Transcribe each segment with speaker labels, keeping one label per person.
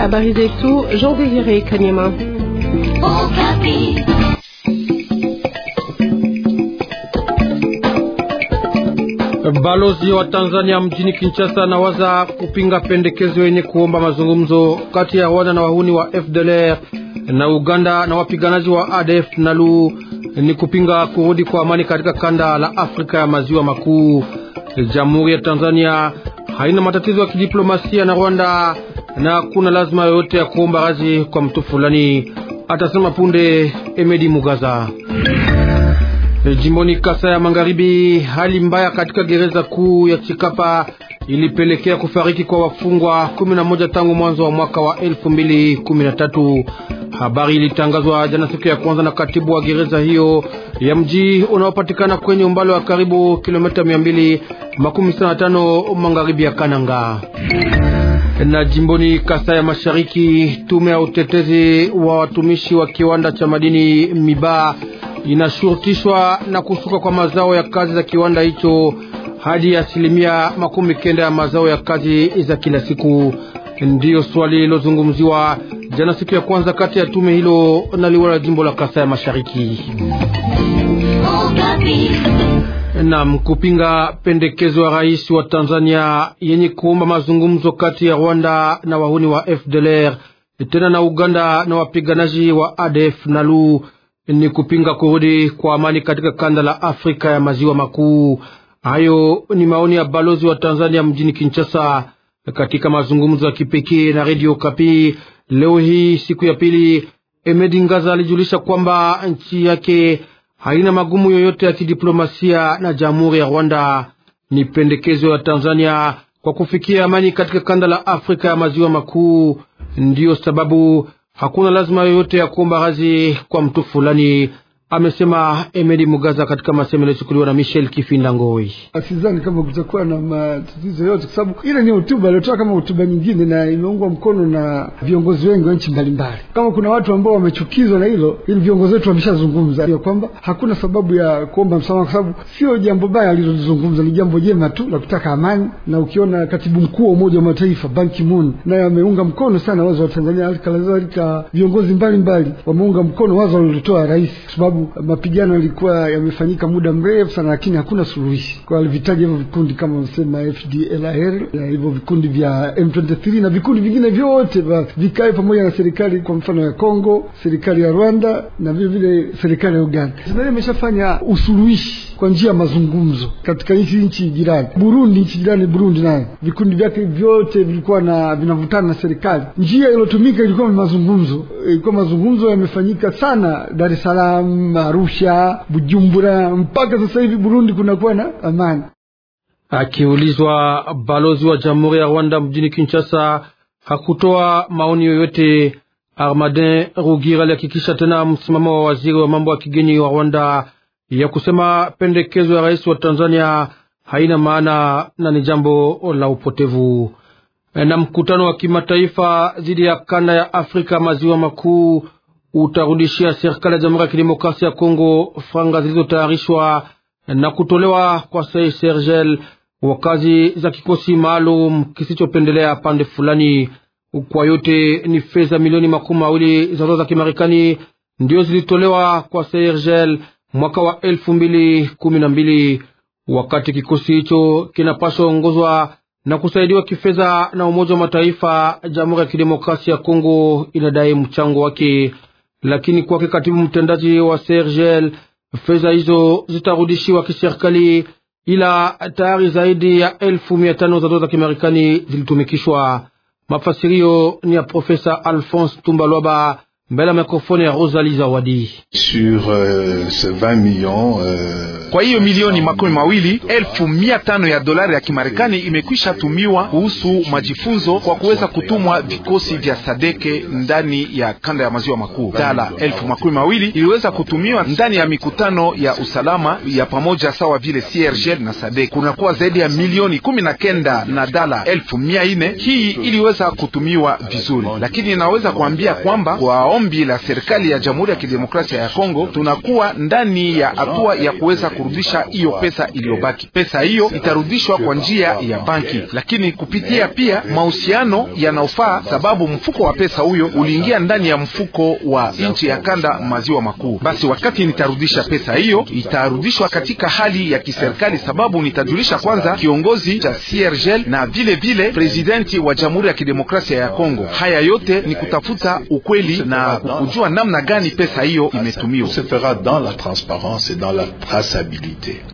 Speaker 1: Habari zetu Jean Désiré Kanyama.
Speaker 2: Balozi wa Tanzania mjini Kinshasa anawaza kupinga pendekezo yenye kuomba mazungumzo kati ya Rwanda na wahuni wa FDLR na Uganda na wapiganaji wa ADF nalu ni kupinga kurudi kwa amani katika kanda la Afrika ya maziwa makuu. Jamhuri ya Tanzania haina matatizo ya kidiplomasia na Rwanda na kuna lazima yoyote ya kuomba radhi kwa mtu fulani, atasema punde Emedi Mugaza. Jimboni Kasa ya Magharibi, hali mbaya katika gereza kuu ya Chikapa ilipelekea kufariki kwa wafungwa 11 tangu mwanzo wa mwaka wa 2013. Habari ilitangazwa jana siku ya kwanza na katibu wa gereza hiyo ya mji unaopatikana kwenye umbali wa karibu kilomita 215 magharibi ya Kananga. Na jimboni Kasai ya Mashariki, tume ya utetezi wa watumishi wa kiwanda cha madini Miba inashurutishwa na kusuka kwa mazao ya kazi za kiwanda hicho hadi asilimia makumi kenda ya mazao ya kazi za kila siku. Ndiyo swali lilozungumziwa jana siku ya kwanza kati ya tume hilo na liwala jimbo la Kasai ya Mashariki nam kupinga pendekezo ya rais wa Tanzania yenye kuomba mazungumzo kati ya Rwanda na wahuni wa FDLR tena na Uganda na wapiganaji wa ADF NALU ni kupinga kurudi kwa amani katika kanda la Afrika ya maziwa makuu. Hayo ni maoni ya balozi wa Tanzania mjini Kinshasa katika mazungumzo ya kipekee na Radio Kapi Leo hii siku ya pili, Emedi Ngaza alijulisha kwamba nchi yake haina magumu yoyote ya kidiplomasia na jamhuri ya Rwanda. Ni pendekezo ya Tanzania kwa kufikia amani katika kanda la Afrika ya maziwa makuu. Ndiyo sababu hakuna lazima yoyote ya kuomba radhi kwa mtu fulani amesema Emeli Mugaza katika masemo yaliyochukuliwa na Michel Kifinda Ngoi.
Speaker 3: Sidhani kama kutakuwa na matatizo yote, kwa sababu ile ni hotuba aliotoa kama hotuba nyingine, na imeungwa mkono na viongozi wengi wa nchi mbalimbali. Kama kuna watu ambao wamechukizwa na hilo, ili viongozi wetu wameshazungumza ya kwamba hakuna sababu ya kuomba msamaha, kwa sababu sio jambo baya alilozungumza, ni jambo jema tu la kutaka amani. Na ukiona katibu mkuu wa Umoja wa Mataifa Ban Ki-moon naye ameunga mkono sana wazo wa Tanzania, halikadhalika viongozi mbalimbali wameunga mkono wazo alilotoa rais, kwa sababu sababu mapigano yalikuwa yamefanyika muda mrefu sana, lakini hakuna suluhishi. Kwa alivitaja hivyo vikundi kama wamesema FDLR, hivyo vikundi vya M23 na vikundi vingine vyote vikae pamoja na serikali, kwa mfano ya Kongo, serikali ya Rwanda na vile vile serikali ya Uganda. Serikali imeshafanya usuluhishi kwa njia ya mazungumzo katika nchi nchi jirani Burundi. Nchi jirani Burundi nayo vikundi vyake vyote vilikuwa na vinavutana na serikali. Njia iliyotumika ilikuwa mazungumzo, ilikuwa mazungumzo yamefanyika sana Dar es Salaam Arusha, Bujumbura, mpaka sasa hivi Burundi kunakuwa na amani.
Speaker 2: Akiulizwa, balozi wa Jamhuri ya Rwanda mjini Kinshasa hakutoa maoni yoyote. Armadin Rugira alihakikisha tena msimamo wa waziri wa mambo ya kigeni wa Rwanda ya kusema pendekezo ya rais wa Tanzania haina maana na ni jambo la upotevu. Na mkutano wa kimataifa dhidi ya kanda ya Afrika maziwa makuu utarudishia serikali ya Jamhuri ya Kidemokrasia ya Kongo franga zilizotayarishwa na kutolewa kwa Sergel wa kazi za kikosi maalum kisichopendelea pande fulani. Kwa yote ni fedha milioni makumi mawili za dola za Kimarekani ndio zilitolewa kwa Sergel mwaka wa elfu mbili kumi na mbili wakati kikosi hicho kinapaswa ongozwa na kusaidiwa kifedha na Umoja wa Mataifa, Jamhuri ya Kidemokrasia ya Kongo inadai mchango wake lakini kwake katibu mtendaji wa Sergel, fedha hizo zitarudishiwa kiserikali, ila tayari zaidi ya elfu mia tano za dola za Kimarekani zilitumikishwa. Mafasirio ni ya Profesa Alphonse Tumbalwaba
Speaker 4: mbele ya mikrofoni ya Rosalie Zawadi. Sur, uh, kwa hiyo milioni makumi mawili elfu mia tano ya dolari ya Kimarekani imekwisha tumiwa kuhusu majifunzo kwa kuweza kutumwa vikosi vya Sadeke ndani ya kanda ya maziwa makuu. Dala elfu makumi mawili iliweza kutumiwa ndani ya mikutano ya usalama ya pamoja sawa vile CIRGL na Sadek. Kunakuwa zaidi ya milioni kumi na kenda na dala elfu mia ine. Hii iliweza kutumiwa vizuri, lakini inaweza kuambia kwamba kwa ombi la serikali ya Jamhuri ya Kidemokrasia ya Kongo tunakuwa ndani ya hatua ya kuweza kurudisha hiyo pesa iliyobaki. Pesa hiyo itarudishwa kwa njia ya banki, lakini kupitia pia mahusiano yanayofaa, sababu mfuko wa pesa huyo uliingia ndani ya mfuko wa nchi ya kanda maziwa makuu. Basi wakati nitarudisha pesa hiyo, itarudishwa katika hali ya kiserikali, sababu nitajulisha kwanza kiongozi cha CIRGL na vile vile presidenti wa Jamhuri ya Kidemokrasia ya Kongo. Haya yote ni kutafuta ukweli na kujua namna gani pesa hiyo imetumiwa responsabilite.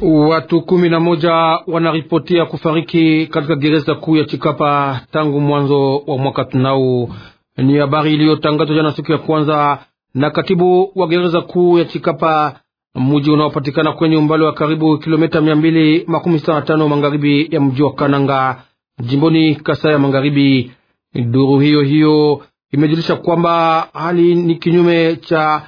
Speaker 2: Watu kumi na moja wanaripotia kufariki katika gereza kuu ya Chikapa tangu mwanzo wa mwaka tunau Ni habari iliyotangazwa jana siku ya kwanza na katibu wa gereza kuu ya Chikapa, mji unaopatikana kwenye umbali wa karibu kilomita mia mbili makumi sita na tano magharibi ya mji wa Kananga, jimboni Kasai ya Magharibi. Duru hiyo hiyo imejulisha kwamba hali ni kinyume cha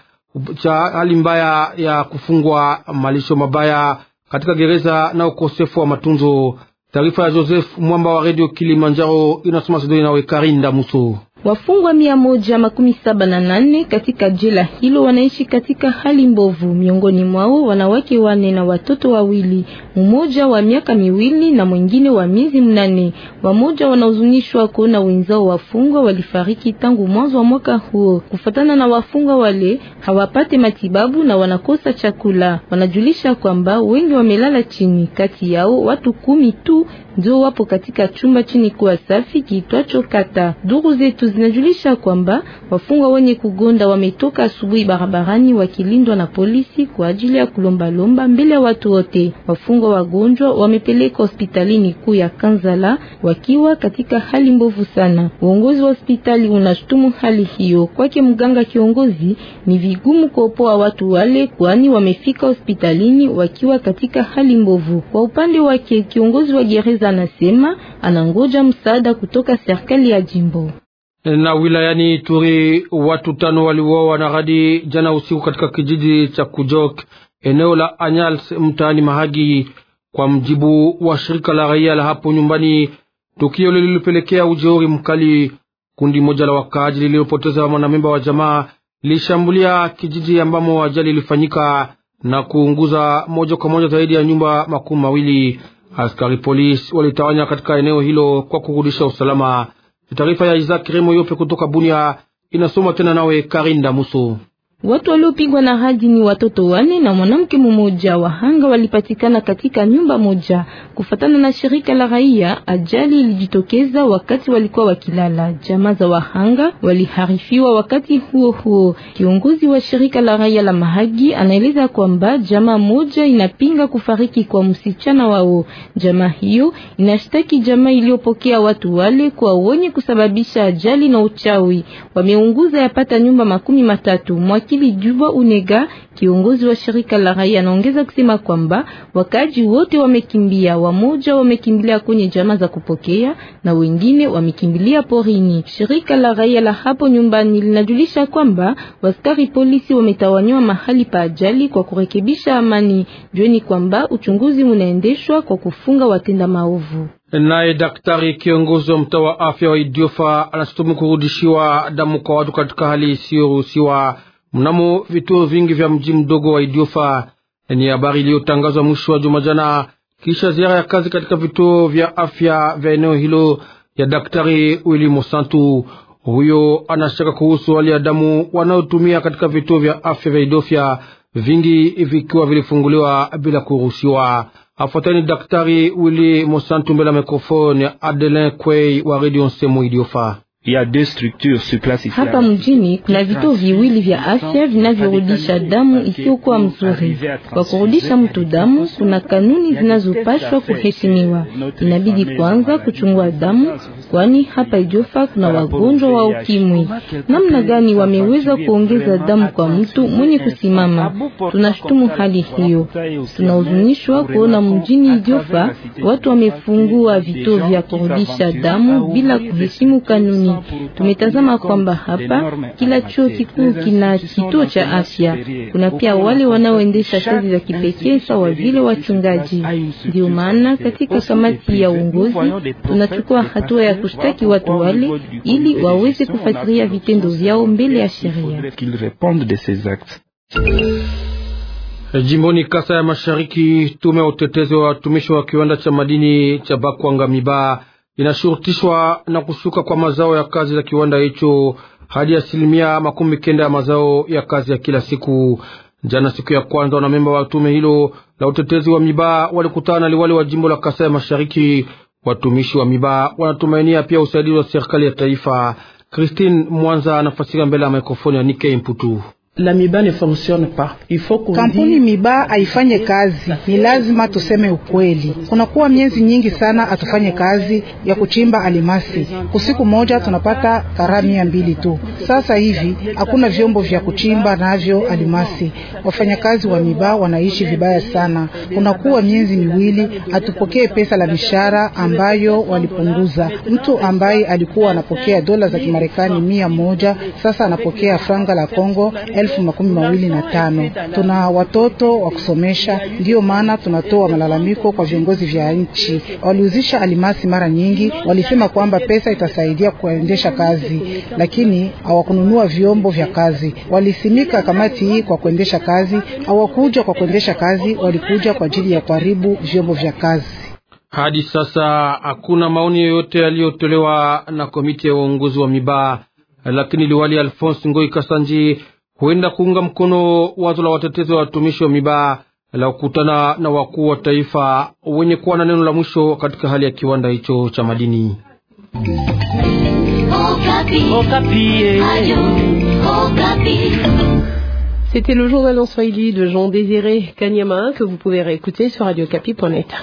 Speaker 2: cha hali mbaya ya kufungwa, malisho mabaya katika gereza na ukosefu wa matunzo. Taarifa ya Joseph Mwamba wa Radio Kilimanjaro inasoma Sidoni nawe Karinda Muso.
Speaker 1: Wafungwa mia moja makumi saba na nane katika jela hilo wanaishi katika hali mbovu, miongoni mwao wanawake wane na watoto wawili, mmoja wa miaka miwili na mwingine wa miezi mnane. Wamoja wanahuzunishwa kuona wenzao wafungwa walifariki tangu mwanzo wa mwaka huo. Kufatana na wafungwa wale, hawapate matibabu na wanakosa chakula. Wanajulisha kwamba wengi wamelala chini, kati yao watu kumi tu ndio wapo katika chumba chini kuwa safi kiitwacho kata. Duru zetu zinajulisha kwamba wafungwa wenye kugonda wametoka asubuhi barabarani wakilindwa na polisi kwa ajili ya kulombalomba mbele ya watu wote. Wafungwa wagonjwa wamepelekwa hospitalini kuu ya Kanzala wakiwa katika hali mbovu sana. Uongozi wa hospitali unashutumu hali hiyo. Kwake mganga kiongozi, ni vigumu kuopoa watu wale, kwani wamefika hospitalini wakiwa katika hali mbovu. Kwa upande wake kiongozi wa gereza kwanza anasema anangoja msaada kutoka serikali ya jimbo
Speaker 2: na wilayani Ituri watu tano waliuawa na radi jana usiku katika kijiji cha Kujok eneo la Anyals mtaani Mahagi, kwa mjibu wa shirika la raia la hapo nyumbani. Tukio lililopelekea ujeuri mkali. Kundi moja la wakaaji lililopoteza mwanamemba wa jamaa lishambulia kijiji ambamo ajali ilifanyika na kuunguza moja kwa moja zaidi ya nyumba makumi mawili. Askari polisi walitawanya katika eneo hilo kwa kurudisha usalama. Taarifa ya Isaac Remo Yope kutoka Bunia inasoma tena nawe Karinda musu
Speaker 1: Watu waliopigwa na radi ni watoto wane na mwanamke mmoja. Wahanga walipatikana katika nyumba moja. Kufatana na shirika la raia, ajali ilijitokeza wakati walikuwa wakilala. Jamaa za wahanga waliharifiwa wakati huo huo. Kiongozi wa shirika la raia la Mahagi anaeleza kwamba jamaa moja inapinga kufariki kwa msichana wao. Jamaa hiyo inashtaki jamaa iliyopokea watu wale kwa wenye kusababisha ajali na uchawi. Wameunguza yapata nyumba makumi matatu Mwaki Bibi Juba Unega, kiongozi wa shirika la raia, anaongeza kusema kwamba wakaji wote wamekimbia, wamoja wamekimbilia kwenye jamaa za kupokea na wengine wamekimbilia porini. Shirika la raia la hapo nyumbani linajulisha kwamba waskari polisi wametawanywa mahali pa ajali kwa kurekebisha amani. Jueni kwamba uchunguzi unaendeshwa kwa kufunga watenda maovu.
Speaker 2: Naye daktari kiongozi wa mtaa wa afya wa Idiofa anashutumu kurudishiwa damu kwa watu katika hali isiyoruhusiwa mnamo vituo vingi vya mji mdogo wa Idiofa. Ni habari iliyotangazwa mwisho wa juma jana, kisha ziara ya kazi katika vituo vya afya vya eneo hilo ya Daktari Willy Mosantu. Huyo anashaka kuhusu hali ya damu wanayotumia katika vituo vya afya vya Idiofa, vingi vikiwa vilifunguliwa bila kuruhusiwa. Afuatani Daktari Willy Mosantu mbele ya mikrofoni ya Adelin Kwey wa Radio Nsemo Idiofa. Hapa
Speaker 1: mjini kuna vituo viwili vya afya vinavyorudisha damu isiyokuwa mzuri. Kwa kurudisha mtu damu, kuna kanuni zinazopaswa kuheshimiwa. Inabidi kwanza kuchungua damu, kwani hapa ijofa kuna wagonjwa wa ukimwi. Namna gani wameweza kuongeza damu kwa mtu mwenye kusimama? Tunashutumu hali hiyo. Tunahuzunishwa kuona mjini ijofa watu wamefungua vituo vya kurudisha damu bila kuheshimu kanuni kijamii. Tumetazama kwamba hapa kila chuo kikuu kina kituo cha afya. Kuna pia wale wanaoendesha kazi za kipekee sawa vile wachungaji. Ndio maana katika kamati ya uongozi tunachukua hatua ya kushtaki watu wale ili waweze kufuatilia vitendo vyao mbele ya sheria.
Speaker 2: Jimboni Kasa ya Mashariki, tume ya utetezi wa watumishi wa kiwanda cha madini cha Bakwanga Mibaa inashurutishwa na kushuka kwa mazao ya kazi za kiwanda hicho hadi asilimia makumi kenda ya mazao ya kazi ya kila siku. Jana siku ya kwanza, wanamemba wa tume hilo la utetezi wa mibaa walikutana na liwali wa jimbo la Kasai Mashariki. Watumishi wa mibaa wanatumainia pia usaidizi wa serikali ya taifa. Christine Mwanza anafasika mbele ya mikrofoni ya Nike Mputu. La miba ne fonctionne pas. Il faut kampuni miba haifanye kazi, ni lazima tuseme ukweli. Kunakuwa miezi nyingi sana atufanye kazi ya kuchimba alimasi, kusiku moja tunapata karaa mia mbili tu. Sasa hivi hakuna vyombo vya kuchimba navyo alimasi. Wafanyakazi wa miba wanaishi vibaya sana. Kunakuwa miezi miwili atupokee pesa la mishahara ambayo walipunguza. Mtu ambaye alikuwa anapokea dola za Kimarekani mia moja sasa anapokea franga la Kongo elfu makumi mawili na tano. Tuna watoto wa kusomesha, ndiyo maana tunatoa malalamiko kwa viongozi vya nchi. Waliuzisha alimasi mara nyingi, walisema kwamba pesa itasaidia kuendesha kazi, lakini hawakununua vyombo vya kazi. Walisimika kamati hii kwa kuendesha kazi, hawakuja kwa kuendesha kazi, walikuja kwa ajili ya kuharibu vyombo vya kazi. Hadi sasa hakuna maoni yoyote yaliyotolewa na komiti ya uongozi wa Mibaa, lakini liwali Alphonse Ngoi Kasanji huenda kuunga mkono wazo la watetezi wa watumishi wa mibaa la kukutana na wakuu wa taifa wenye kuwa na neno la mwisho katika hali ya kiwanda hicho cha madini.
Speaker 1: C'était le journal en Swahili de Jean Désiré Kanyama que vous pouvez réécouter sur radiocapi.net.